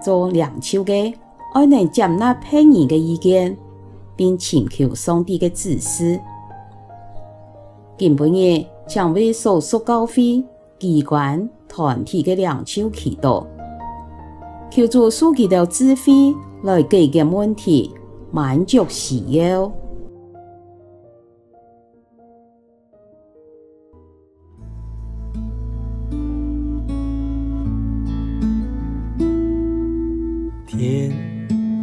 做領袖的，我能接納別人的意見，並請求上帝的，的指示。今本夜將為少數教會、機關、團體的領袖祈禱，求助書記知識的智慧來解決問題，滿足需要。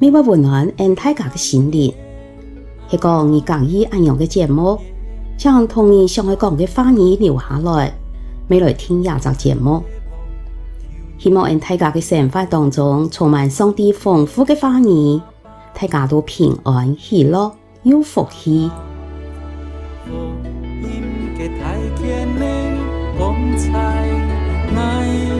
乜會溫暖恩大家的心靈。係講你合意恁樣嘅節目，請同你想愛講嘅話語留下來，乜來訂這隻節目。希望恩大家嘅生活當中充滿上帝豐富嘅話語，大家都平安喜樂，有福氣。